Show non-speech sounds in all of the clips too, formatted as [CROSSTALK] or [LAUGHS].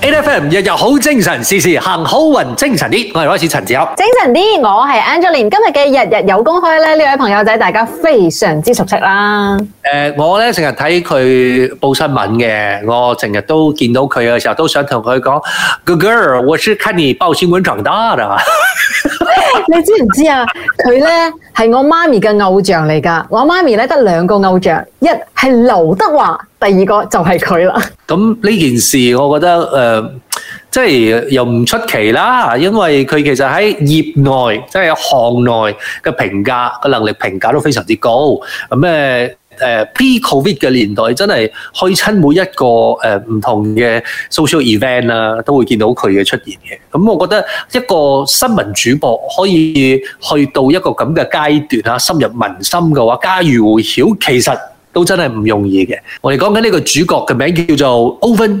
A F M 日日好精神，事事行好運，精神啲，我哋開始陳子欣，精神啲，我係 Angelina 今日嘅日日有公開呢。呢位朋友仔大家非常之熟悉啦。誒、呃，我呢成日睇佢報新聞嘅，我成日都見到佢嘅時候，都想同佢講，個 girl，我是看你報新聞長大的。 [LAUGHS] [LAUGHS] 你知唔知啊？佢呢係我媽咪嘅偶像嚟㗎，我媽咪咧得兩個偶像，一係劉德華。第二個就係佢啦。咁呢件事，我覺得誒，即係又唔出奇啦，因為佢其實喺業內即係行內嘅評價嘅能力評價都非常之高。咁誒誒，pre-COVID 嘅年代真係去親每一個誒唔同嘅 social event 啊，都會見到佢嘅出現嘅。咁我覺得一個新聞主播可以去到一個咁嘅階段啊，深入民心嘅話，家喻戶曉其實，都真係唔容易嘅。我哋講緊呢個主角嘅名字叫做 Owen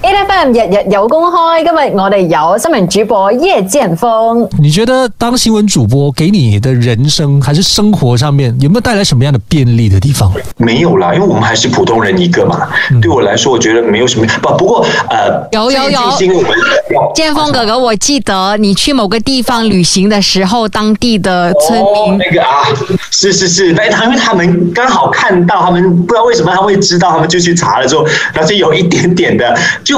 e e l A F M 日日有公開，今日我哋有新聞主播葉劍鋒。你覺得當新聞主播給你的人生還是生活上面，有沒有帶來什麼樣的便利的地方？沒有啦，因為我們還是普通人一個嘛。嗯、對我來說，我覺得沒有什麼。不不過，誒、呃，有有有劍鋒哥哥，我記得你去某個地方旅行的時候，當地的村民，哦、那個啊，是是是，因為佢們剛好看到，他們不知道為什麼他會知道，他們就去查了之後，然後就有一點點的就。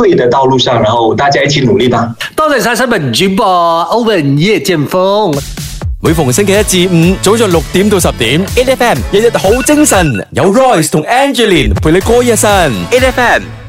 會嘅的道路上，然後大家一起努力吧。多謝晒新聞主播，歐文葉劍鋒。每逢星期一至五早上六點到十點，A F M 日日好精神，有 Royce 同 Angeline 陪你過一生。A F M。